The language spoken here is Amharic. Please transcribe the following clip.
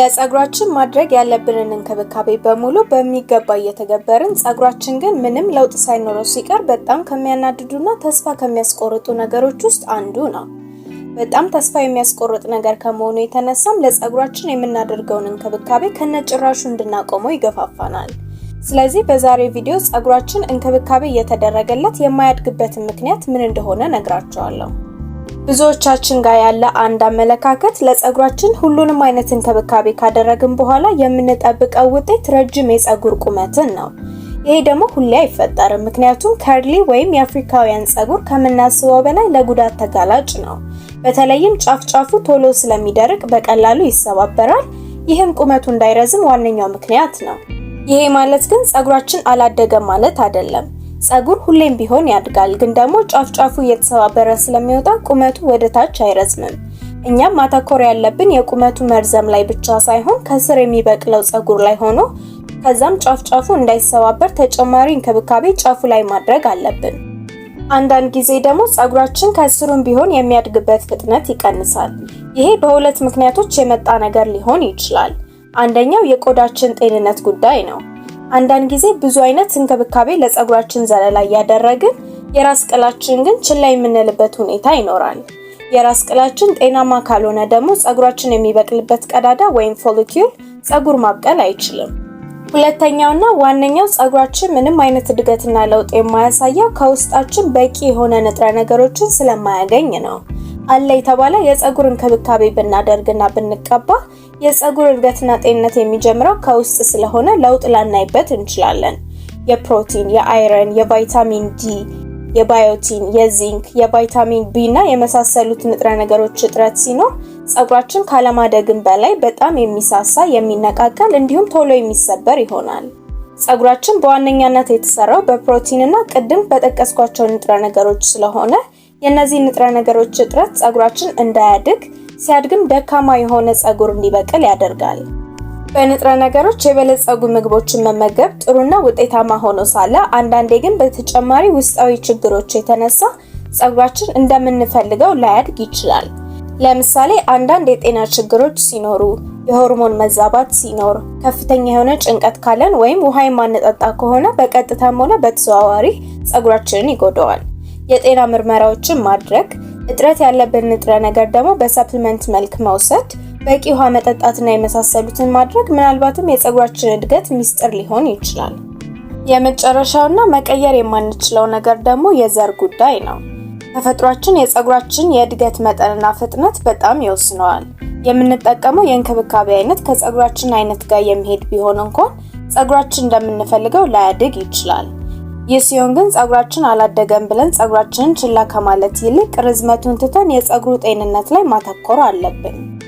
ለፀጉራችን ማድረግ ያለብንን እንክብካቤ በሙሉ በሚገባ እየተገበርን ፀጉራችን ግን ምንም ለውጥ ሳይኖረው ሲቀር በጣም ከሚያናድዱና ተስፋ ከሚያስቆርጡ ነገሮች ውስጥ አንዱ ነው። በጣም ተስፋ የሚያስቆርጥ ነገር ከመሆኑ የተነሳም ለፀጉራችን የምናደርገውን እንክብካቤ ከነጭራሹ እንድናቆመው ይገፋፋናል። ስለዚህ በዛሬ ቪዲዮ ፀጉራችን እንክብካቤ እየተደረገለት የማያድግበትን ምክንያት ምን እንደሆነ ነግራቸዋለሁ። ብዙዎቻችን ጋር ያለ አንድ አመለካከት ለጸጉራችን ሁሉንም አይነት እንክብካቤ ካደረግን በኋላ የምንጠብቀው ውጤት ረጅም የጸጉር ቁመትን ነው። ይሄ ደግሞ ሁሌ አይፈጠርም፣ ምክንያቱም ከርሊ ወይም የአፍሪካውያን ጸጉር ከምናስበው በላይ ለጉዳት ተጋላጭ ነው። በተለይም ጫፍ ጫፉ ቶሎ ስለሚደርቅ በቀላሉ ይሰባበራል። ይህም ቁመቱ እንዳይረዝም ዋነኛው ምክንያት ነው። ይሄ ማለት ግን ጸጉራችን አላደገም ማለት አይደለም። ጸጉር ሁሌም ቢሆን ያድጋል፣ ግን ደግሞ ጫፍ ጫፉ እየተሰባበረ ስለሚወጣ ቁመቱ ወደ ታች አይረዝምም። እኛም ማተኮር ያለብን የቁመቱ መርዘም ላይ ብቻ ሳይሆን ከስር የሚበቅለው ጸጉር ላይ ሆኖ ከዛም ጫፍ ጫፉ እንዳይሰባበር ተጨማሪ እንክብካቤ ጫፉ ላይ ማድረግ አለብን። አንዳንድ ጊዜ ደግሞ ጸጉራችን ከስሩም ቢሆን የሚያድግበት ፍጥነት ይቀንሳል። ይሄ በሁለት ምክንያቶች የመጣ ነገር ሊሆን ይችላል። አንደኛው የቆዳችን ጤንነት ጉዳይ ነው። አንዳንድ ጊዜ ብዙ አይነት እንክብካቤ ለፀጉራችን ዘለላ እያደረግን የራስ ቅላችን ግን ችላ የምንልበት ሁኔታ ይኖራል። የራስ ቅላችን ጤናማ ካልሆነ ደግሞ ፀጉራችን የሚበቅልበት ቀዳዳ ወይም ፎሊኪል ፀጉር ማብቀል አይችልም። ሁለተኛውና ዋነኛው ፀጉራችን ምንም አይነት እድገትና ለውጥ የማያሳየው ከውስጣችን በቂ የሆነ ንጥረ ነገሮችን ስለማያገኝ ነው። አለ የተባለ የፀጉር እንክብካቤ ብናደርግና ብንቀባ የፀጉር እድገትና ጤንነት የሚጀምረው ከውስጥ ስለሆነ ለውጥ ላናይበት እንችላለን። የፕሮቲን፣ የአይረን፣ የቫይታሚን ዲ፣ የባዮቲን፣ የዚንክ፣ የቫይታሚን ቢ እና የመሳሰሉት ንጥረ ነገሮች እጥረት ሲኖር ፀጉራችን ካለማደግን በላይ በጣም የሚሳሳ የሚነቃቀል፣ እንዲሁም ቶሎ የሚሰበር ይሆናል። ፀጉራችን በዋነኛነት የተሰራው በፕሮቲን እና ቅድም በጠቀስኳቸው ንጥረ ነገሮች ስለሆነ የእነዚህ ንጥረ ነገሮች እጥረት ፀጉራችን እንዳያድግ ሲያድግም ደካማ የሆነ ፀጉር እንዲበቅል ያደርጋል። በንጥረ ነገሮች የበለጸጉ ምግቦችን መመገብ ጥሩና ውጤታማ ሆኖ ሳለ አንዳንዴ ግን በተጨማሪ ውስጣዊ ችግሮች የተነሳ ፀጉራችን እንደምንፈልገው ላያድግ ይችላል። ለምሳሌ አንዳንድ የጤና ችግሮች ሲኖሩ፣ የሆርሞን መዛባት ሲኖር፣ ከፍተኛ የሆነ ጭንቀት ካለን ወይም ውሃ የማንጠጣ ከሆነ በቀጥታም ሆነ በተዘዋዋሪ ፀጉራችንን ይጎዳዋል። የጤና ምርመራዎችን ማድረግ፣ እጥረት ያለብን ንጥረ ነገር ደግሞ በሰፕልመንት መልክ መውሰድ፣ በቂ ውሃ መጠጣትና የመሳሰሉትን ማድረግ ምናልባትም የፀጉራችን እድገት ሚስጥር ሊሆን ይችላል። የመጨረሻውና መቀየር የማንችለው ነገር ደግሞ የዘር ጉዳይ ነው። ተፈጥሯችን የፀጉራችን የእድገት መጠንና ፍጥነት በጣም ይወስነዋል። የምንጠቀመው የእንክብካቤ አይነት ከፀጉራችን አይነት ጋር የሚሄድ ቢሆን እንኳን ፀጉራችን እንደምንፈልገው ላያድግ ይችላል። ይህ ሲሆን ግን ጸጉራችን አላደገም ብለን ጸጉራችንን ችላ ከማለት ይልቅ ርዝመቱን ትተን የጸጉሩ ጤንነት ላይ ማተኮር አለብን።